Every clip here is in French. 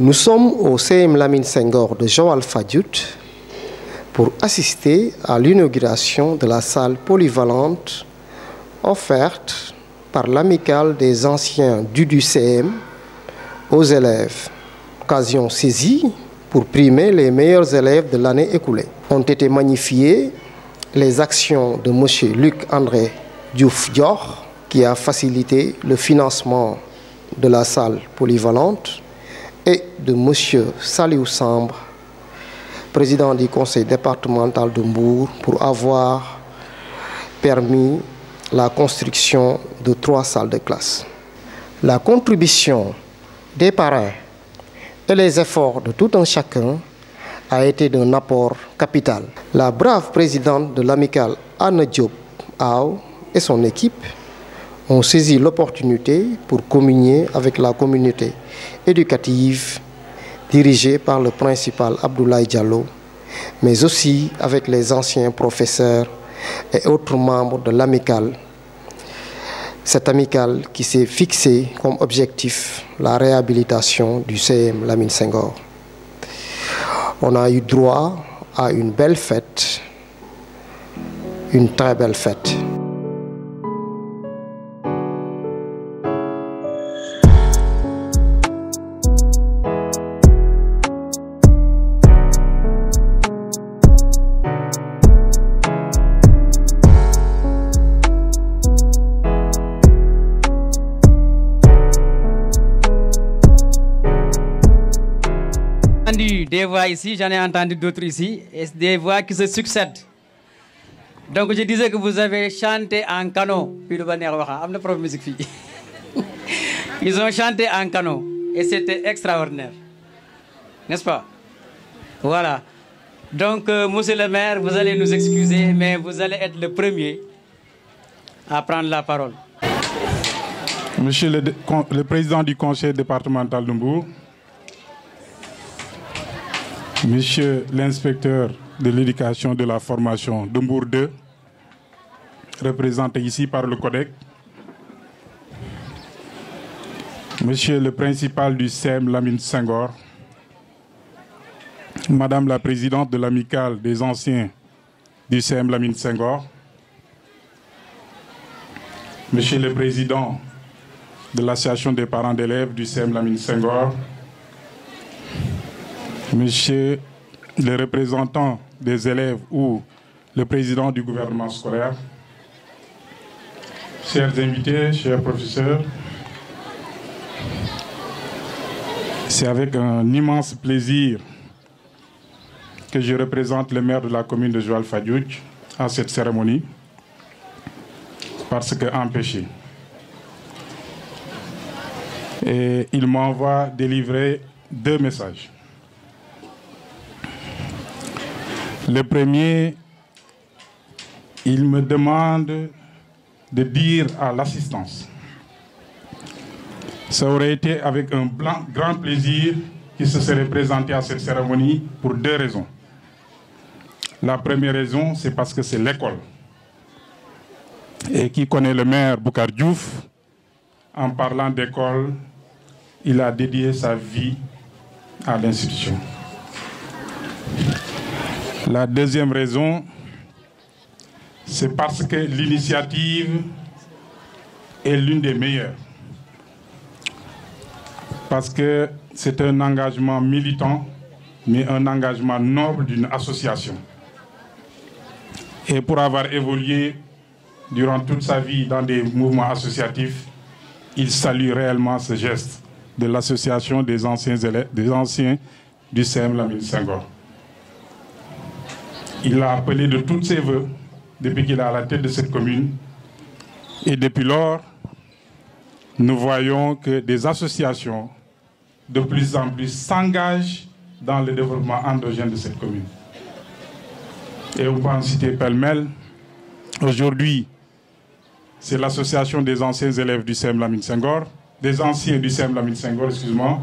Nous sommes au CM Lamine Senghor de Jean Alpha pour assister à l'inauguration de la salle polyvalente offerte par l'amicale des anciens du cm aux élèves. Occasion saisie pour primer les meilleurs élèves de l'année écoulée. Ont été magnifiées les actions de M. Luc-André Diouf-Dior qui a facilité le financement de la salle polyvalente et de M. Saliou Sambre, président du conseil départemental de Mbourg, pour avoir permis la construction de trois salles de classe. La contribution des parents et les efforts de tout un chacun a été d'un apport capital. La brave présidente de l'amicale Anne Diop Ao et son équipe ont saisi l'opportunité pour communier avec la communauté éducative dirigée par le principal Abdoulaye Diallo, mais aussi avec les anciens professeurs et autres membres de l'amicale. Cette amicale qui s'est fixé comme objectif la réhabilitation du CM Lamine Senghor. On a eu droit à une belle fête, une très belle fête. j'en ai entendu d'autres ici, et des voix qui se succèdent. Donc je disais que vous avez chanté en canot. Ils ont chanté en canot et c'était extraordinaire. N'est-ce pas Voilà. Donc, euh, monsieur le maire, vous allez nous excuser, mais vous allez être le premier à prendre la parole. Monsieur le, président du conseil départemental d'Umbourg, Monsieur l'inspecteur de l'éducation de la formation de 2, représenté ici par le CODEC. Monsieur le principal du CEM Lamine Senghor. Madame la présidente de l'amicale des anciens du CEM Lamine Senghor. Monsieur le président de l'association des parents d'élèves du CEM Lamine Senghor monsieur le représentant des élèves ou le président du gouvernement scolaire, chers invités, chers professeurs, c'est avec un immense plaisir que je représente le maire de la commune de Joal Fadouj à cette cérémonie, parce que empêché. Et il m'envoie délivrer deux messages. Le premier, il me demande de dire à l'assistance. Ça aurait été avec un grand plaisir qu'il se serait présenté à cette cérémonie pour deux raisons. La première raison, c'est parce que c'est l'école. Et qui connaît le maire Boukar Diouf, en parlant d'école, il a dédié sa vie à l'institution. La deuxième raison, c'est parce que l'initiative est l'une des meilleures. Parce que c'est un engagement militant, mais un engagement noble d'une association. Et pour avoir évolué durant toute sa vie dans des mouvements associatifs, il salue réellement ce geste de l'association des anciens, des anciens du CM la il l'a appelé de toutes ses voeux depuis qu'il est à la tête de cette commune. Et depuis lors, nous voyons que des associations de plus en plus s'engagent dans le développement endogène de cette commune. Et on peut en citer pêle-mêle. Aujourd'hui, c'est l'association des anciens élèves du CEM Lamine Senghor, des anciens du CEM Lamine Senghor, excuse-moi.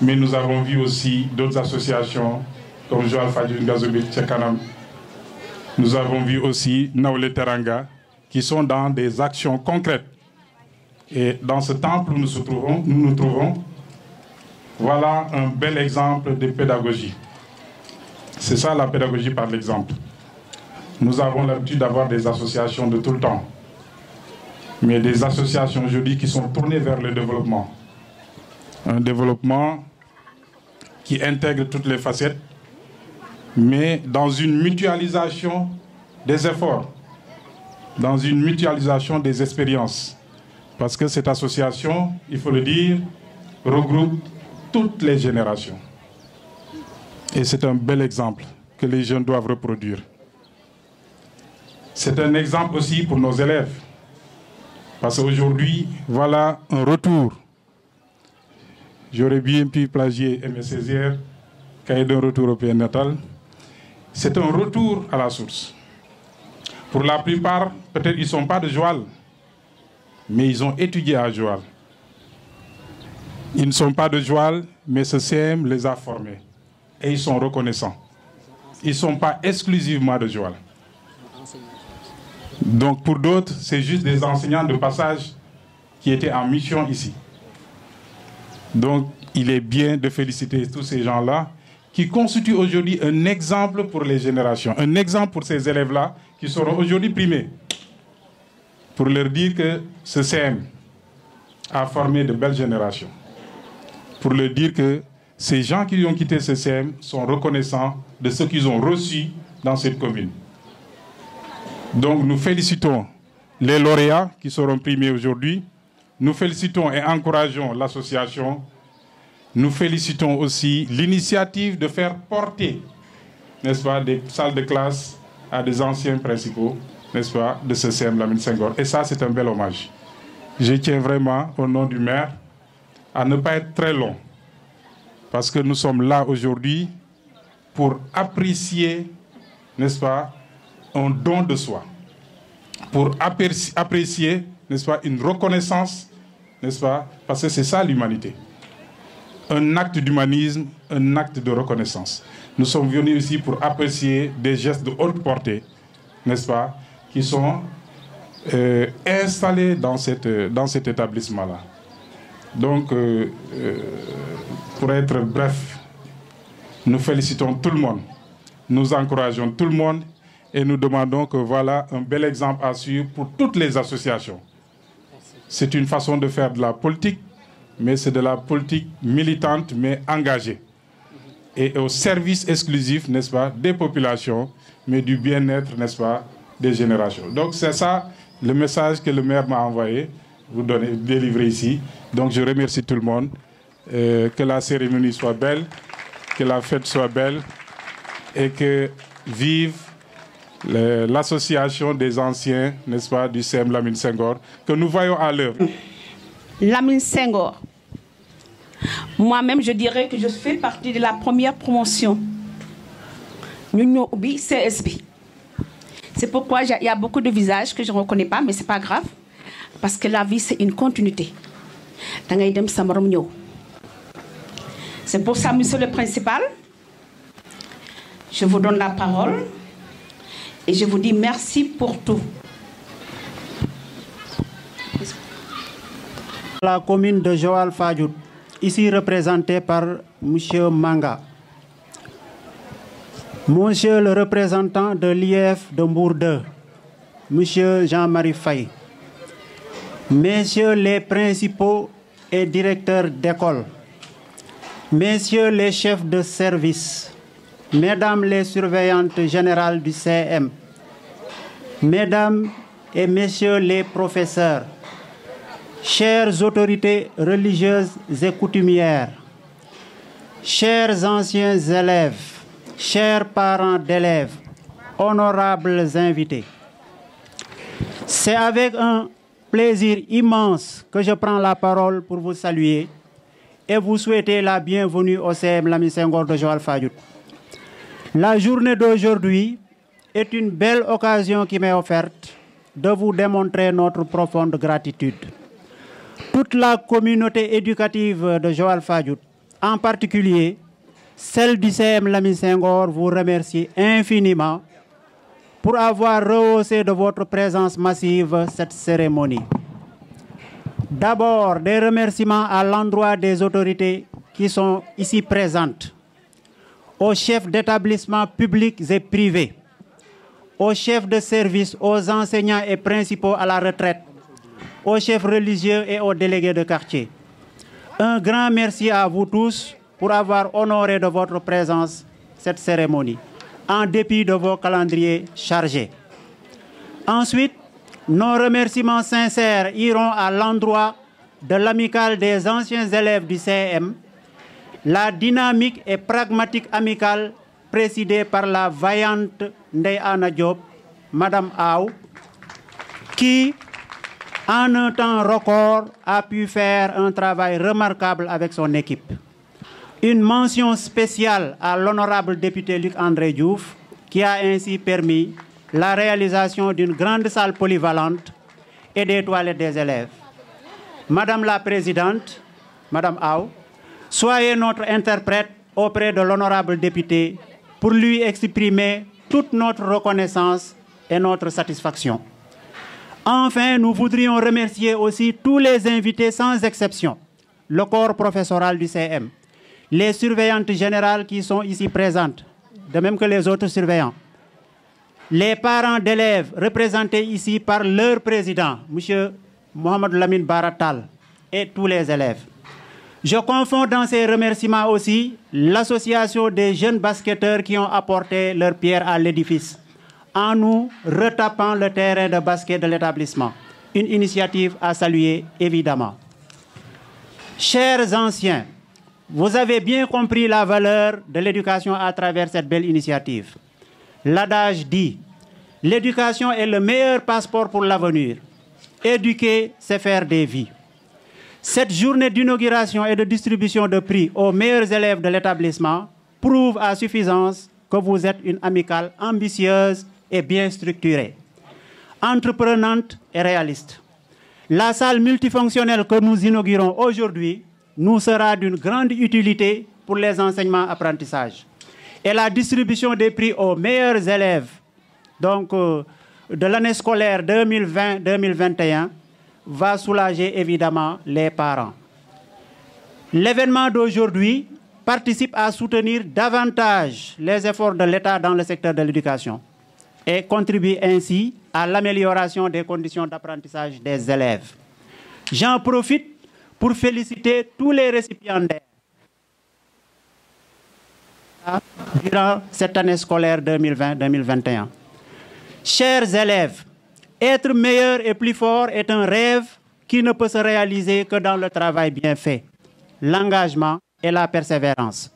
Mais nous avons vu aussi d'autres associations comme Joël Fadjou Gazoubi, Tchekanam. Nous avons vu aussi Naole Teranga, qui sont dans des actions concrètes. Et dans ce temple où nous nous trouvons, nous nous trouvons voilà un bel exemple de pédagogie. C'est ça la pédagogie par l'exemple. Nous avons l'habitude d'avoir des associations de tout le temps, mais des associations aujourd'hui qui sont tournées vers le développement. Un développement qui intègre toutes les facettes mais dans une mutualisation des efforts, dans une mutualisation des expériences. Parce que cette association, il faut le dire, regroupe toutes les générations. Et c'est un bel exemple que les jeunes doivent reproduire. C'est un exemple aussi pour nos élèves. Parce qu'aujourd'hui, voilà un retour. J'aurais bien pu plagier M. Césaire, cahier d'un retour au natal, c'est un retour à la source. Pour la plupart, peut-être ils ne sont pas de Joal, mais ils ont étudié à Joal. Ils ne sont pas de Joal, mais ce CM les a formés. Et ils sont reconnaissants. Ils ne sont pas exclusivement de Joal. Donc pour d'autres, c'est juste des enseignants de passage qui étaient en mission ici. Donc il est bien de féliciter tous ces gens-là qui constitue aujourd'hui un exemple pour les générations, un exemple pour ces élèves-là qui seront aujourd'hui primés, pour leur dire que ce CM a formé de belles générations, pour leur dire que ces gens qui ont quitté ce CM sont reconnaissants de ce qu'ils ont reçu dans cette commune. Donc nous félicitons les lauréats qui seront primés aujourd'hui, nous félicitons et encourageons l'association nous félicitons aussi l'initiative de faire porter, n'est-ce pas, des salles de classe à des anciens principaux, n'est-ce pas, de ce CM Lamine Senghor. Et ça, c'est un bel hommage. Je tiens vraiment, au nom du maire, à ne pas être très long, parce que nous sommes là aujourd'hui pour apprécier, n'est-ce pas, un don de soi, pour apprécier, n'est-ce pas, une reconnaissance, n'est-ce pas, parce que c'est ça l'humanité un acte d'humanisme, un acte de reconnaissance. Nous sommes venus ici pour apprécier des gestes de haute portée, n'est-ce pas, qui sont euh, installés dans, cette, dans cet établissement-là. Donc, euh, euh, pour être bref, nous félicitons tout le monde, nous encourageons tout le monde et nous demandons que voilà un bel exemple à suivre pour toutes les associations. C'est une façon de faire de la politique mais c'est de la politique militante, mais engagée. Et au service exclusif, n'est-ce pas, des populations, mais du bien-être, n'est-ce pas, des générations. Donc c'est ça le message que le maire m'a envoyé, vous donner, délivrer ici. Donc je remercie tout le monde. Euh, que la cérémonie soit belle, que la fête soit belle et que vive l'association des anciens, n'est-ce pas, du CM Lamine Senghor, que nous voyons à l'œuvre. Lamine Senghor, moi-même, je dirais que je fais partie de la première promotion. CSB. C'est pourquoi il y a beaucoup de visages que je ne reconnais pas, mais ce n'est pas grave. Parce que la vie, c'est une continuité. C'est pour ça, monsieur le principal, je vous donne la parole et je vous dis merci pour tout. La commune de Joal Fajout ici représenté par M. Manga. Monsieur le représentant de l'IF de Mbour M. Jean-Marie Fay. Messieurs les principaux et directeurs d'école, Messieurs les chefs de service, Mesdames les surveillantes générales du CM, Mesdames et Messieurs les professeurs, chères autorités religieuses et coutumières, chers anciens élèves, chers parents d'élèves, honorables invités, c'est avec un plaisir immense que je prends la parole pour vous saluer et vous souhaiter la bienvenue au CM L'ami Senghor de Joal Fadiout. La journée d'aujourd'hui est une belle occasion qui m'est offerte de vous démontrer notre profonde gratitude toute la communauté éducative de Joal Fadjout, en particulier celle du CM Lamy Senghor, vous remercie infiniment pour avoir rehaussé de votre présence massive cette cérémonie. D'abord, des remerciements à l'endroit des autorités qui sont ici présentes, aux chefs d'établissements publics et privés, aux chefs de service, aux enseignants et principaux à la retraite, aux chefs religieux et aux délégués de quartier. Un grand merci à vous tous pour avoir honoré de votre présence cette cérémonie, en dépit de vos calendriers chargés. Ensuite, nos remerciements sincères iront à l'endroit de l'amicale des anciens élèves du CM, la dynamique et pragmatique amicale présidée par la vaillante Neyana Diop, Madame Aou, qui, en un temps record, a pu faire un travail remarquable avec son équipe. Une mention spéciale à l'honorable député Luc-André Diouf, qui a ainsi permis la réalisation d'une grande salle polyvalente et des toilettes des élèves. Madame la Présidente, Madame Aou, soyez notre interprète auprès de l'honorable député pour lui exprimer toute notre reconnaissance et notre satisfaction. Enfin, nous voudrions remercier aussi tous les invités sans exception, le corps professoral du CM, les surveillantes générales qui sont ici présentes, de même que les autres surveillants, les parents d'élèves représentés ici par leur président, M. Mohamed Lamine Baratal, et tous les élèves. Je confonds dans ces remerciements aussi l'association des jeunes basketteurs qui ont apporté leur pierre à l'édifice en nous retapant le terrain de basket de l'établissement. Une initiative à saluer, évidemment. Chers anciens, vous avez bien compris la valeur de l'éducation à travers cette belle initiative. L'adage dit, l'éducation est le meilleur passeport pour l'avenir. Éduquer, c'est faire des vies. Cette journée d'inauguration et de distribution de prix aux meilleurs élèves de l'établissement prouve à suffisance que vous êtes une amicale ambitieuse et bien structurée, entreprenante et réaliste. La salle multifonctionnelle que nous inaugurons aujourd'hui nous sera d'une grande utilité pour les enseignements apprentissages et la distribution des prix aux meilleurs élèves donc, euh, de l'année scolaire 2020-2021 va soulager évidemment les parents. L'événement d'aujourd'hui participe à soutenir davantage les efforts de l'État dans le secteur de l'éducation et contribue ainsi à l'amélioration des conditions d'apprentissage des élèves. J'en profite pour féliciter tous les récipiendaires durant cette année scolaire 2020-2021. Chers élèves, être meilleur et plus fort est un rêve qui ne peut se réaliser que dans le travail bien fait, l'engagement et la persévérance.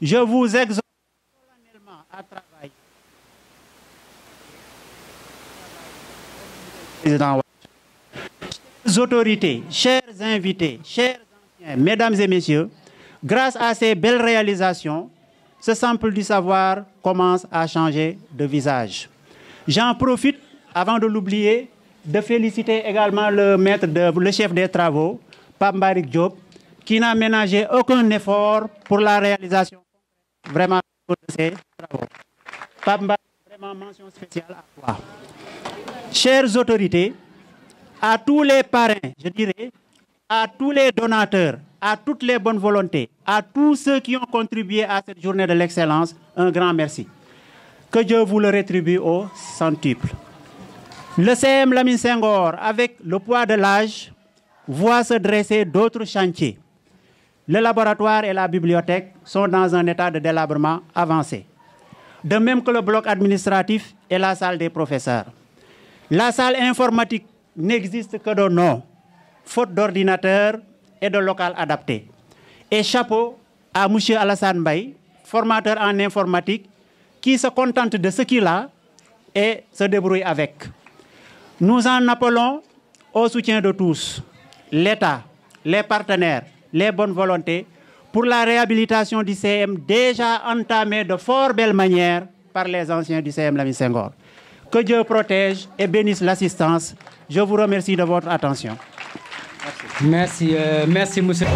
Je vous exhorte à travailler autorités, chers invités, chers anciens, mesdames et messieurs, grâce à ces belles réalisations, ce sample du savoir commence à changer de visage. J'en profite, avant de l'oublier, de féliciter également le maître, de, le chef des travaux, Pambarik Diop, qui n'a ménagé aucun effort pour la réalisation vraiment de ces travaux. Pambarik, vraiment mention spéciale à toi chères autorités, à tous les parrains, je dirais, à tous les donateurs, à toutes les bonnes volontés, à tous ceux qui ont contribué à cette journée de l'excellence, un grand merci. Que Dieu vous le rétribue au centuple. Le CM Lamine Senghor, avec le poids de l'âge, voit se dresser d'autres chantiers. Le laboratoire et la bibliothèque sont dans un état de délabrement avancé, de même que le bloc administratif et la salle des professeurs. La salle informatique n'existe que de nom, faute d'ordinateur et de local adapté. Et chapeau à M. Alassane Bay, formateur en informatique, qui se contente de ce qu'il a et se débrouille avec. Nous en appelons au soutien de tous, l'État, les partenaires, les bonnes volontés, pour la réhabilitation du CM déjà entamée de fort belle manière par les anciens du CM lamy Senghor. Que Dieu protège et bénisse l'assistance. Je vous remercie de votre attention. Merci, euh, merci, monsieur.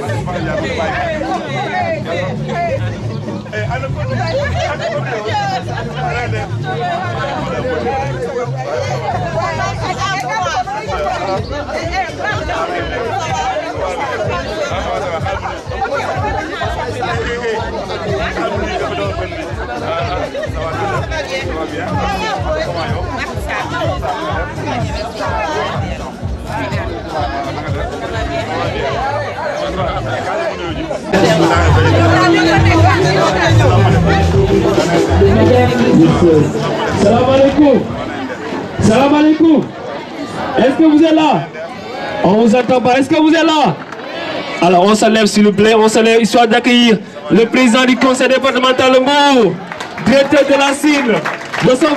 Merci. Salam alaikum. Salam alaikum. Est-ce que vous êtes là On vous attend pas. Est-ce que vous êtes là Alors on s'enlève s'il vous plaît. On s'enlève histoire d'accueillir le président du conseil départemental de Mou, directeur de la cible de son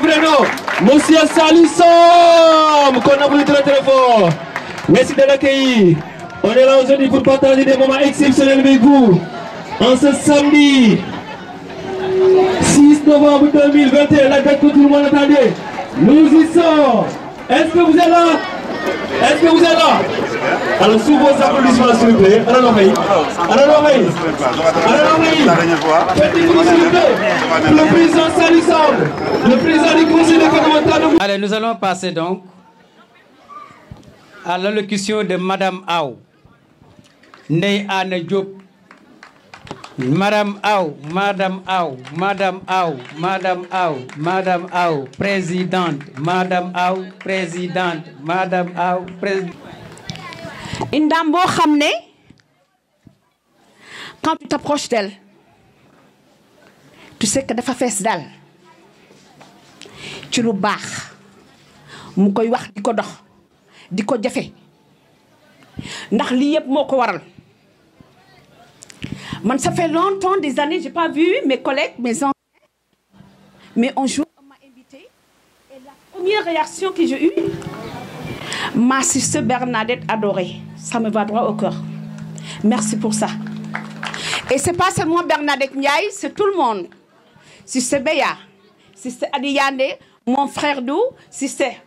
Monsieur Salissom, qu'on a voulu très très fort. Merci de l'accueillir. On est là aujourd'hui pour partager des moments exceptionnels avec vous. En ce samedi 6 novembre 2021, la date que tout le monde attendait, nous y sommes. Est-ce que vous êtes là Est-ce que vous êtes là Alors sous vos applaudissements s'il vous plaît. Alors l'oreille. Alors l'oreille. Alors l'oreille. s'il vous plaît. Le président Salissable. Le président du conseil départemental. Allez, nous allons passer donc à l'allocution de Madame Aou. Ndeye Diop Madame Aou Madame Aou Madame Aou Madame Aou Madame Aou présidente Madame Aou présidente Madame Aou présidente. une dame quand tu t'approches d'elle tu sais que dafa fait ça tu lu baax Tu koy wax diko ko dox di ko ndax waral ça fait longtemps, des années, je n'ai pas vu mes collègues, mes enfants. Mais un jour, on m'a invité. Et la première réaction que j'ai eue, ma sister Bernadette adorée, ça me va droit au cœur. Merci pour ça. Et ce n'est pas seulement Bernadette Ndiaye, c'est tout le monde. Si c'est Beya, si c'est Adiyane, mon frère Dou, si c'est.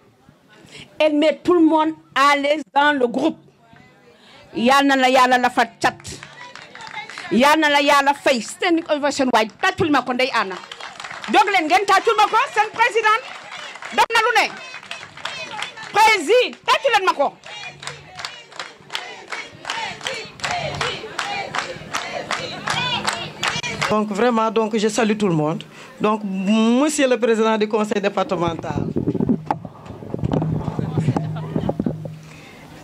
Elle met tout le monde à l'aise dans le groupe. Yalla, la fat chat yalla na la yàlla fay sen ovation waay tatul mako ndey ana jóg leen ngeen tàccul ma ko seen président na lu ne président tàccu leen ma donc vraiment donc je salue tout le monde donc monsieur le président du conseil départemental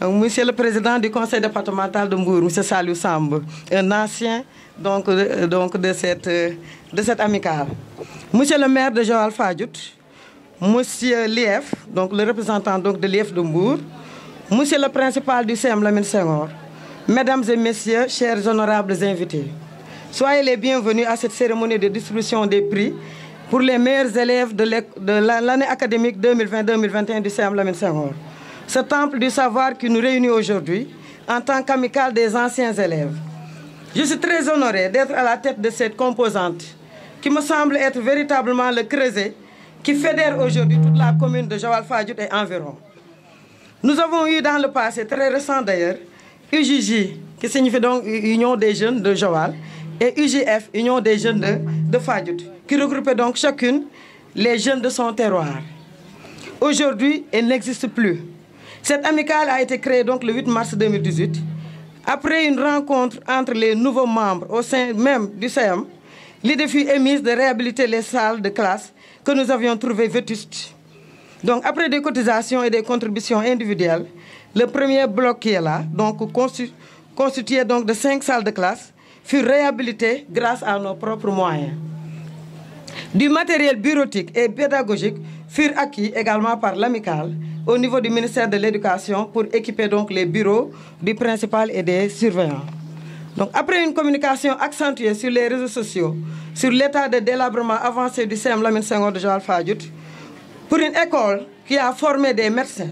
Euh, monsieur le président du conseil départemental de Monsieur Salou Samb, un ancien donc, de, euh, cette, euh, de cette amicale. Monsieur le maire de Joal Fadjout, Monsieur Lief, donc le représentant de Lief de Monsieur le principal du CEM Lamine Mesdames et Messieurs, chers honorables invités, soyez les bienvenus à cette cérémonie de distribution des prix pour les meilleurs élèves de l'année académique 2020-2021 du CEM Lamine ce temple du savoir qui nous réunit aujourd'hui en tant qu'amical des anciens élèves. Je suis très honoré d'être à la tête de cette composante qui me semble être véritablement le creuset qui fédère aujourd'hui toute la commune de Jawal Fadjout et environ. Nous avons eu dans le passé, très récent d'ailleurs, UJJ, qui signifie donc Union des jeunes de Jawal, et UJF, Union des jeunes de, de qui regroupait donc chacune les jeunes de son terroir. Aujourd'hui, elle n'existe plus. Cette amicale a été créée donc le 8 mars 2018. Après une rencontre entre les nouveaux membres au sein même du CEM. l'idée fut émise de réhabiliter les salles de classe que nous avions trouvées vétustes. Donc après des cotisations et des contributions individuelles, le premier bloc qui est là, donc constitué, donc de cinq salles de classe, fut réhabilité grâce à nos propres moyens. Du matériel bureautique et pédagogique furent acquis également par l'AMICAL au niveau du ministère de l'Éducation pour équiper donc les bureaux du principal et des surveillants. Donc après une communication accentuée sur les réseaux sociaux, sur l'état de délabrement avancé du CM Lamine Senghor de Joal pour une école qui a formé des médecins,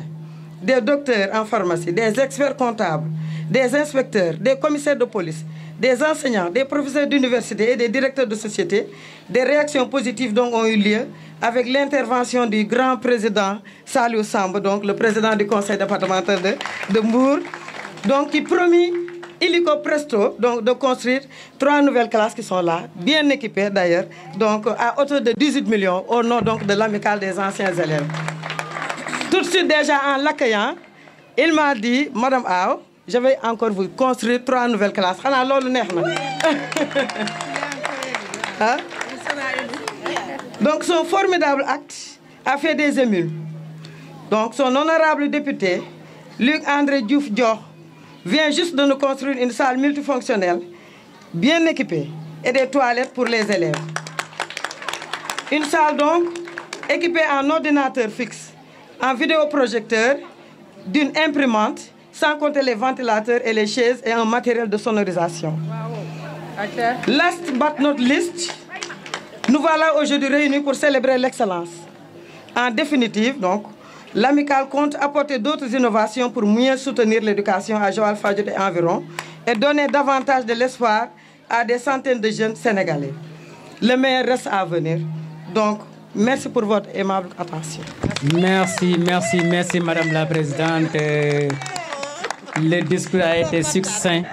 des docteurs en pharmacie, des experts comptables, des inspecteurs, des commissaires de police, des enseignants, des professeurs d'université et des directeurs de société, des réactions positives donc ont eu lieu avec l'intervention du grand président Salio Samba, donc le président du conseil départemental de, de donc qui promit illico presto donc, de construire trois nouvelles classes qui sont là, bien équipées d'ailleurs, donc à hauteur de 18 millions au nom donc de l'amicale des anciens élèves. Tout de suite déjà en l'accueillant, il m'a dit, Madame Ao, je vais encore vous construire trois nouvelles classes. Oui. hein? Donc son formidable acte a fait des émules. Donc son honorable député, Luc-André Diouf Dior, vient juste de nous construire une salle multifonctionnelle, bien équipée, et des toilettes pour les élèves. Une salle donc équipée en ordinateur fixe, en vidéoprojecteur, d'une imprimante, sans compter les ventilateurs et les chaises et un matériel de sonorisation. Last but not least, nous voilà aujourd'hui réunis pour célébrer l'excellence. En définitive, donc, l'amicale compte apporter d'autres innovations pour mieux soutenir l'éducation à Joël Fadjou et environ et donner davantage de l'espoir à des centaines de jeunes sénégalais. Le meilleur reste à venir. Donc, merci pour votre aimable attention. Merci, merci, merci Madame la Présidente. Le discours a été succinct.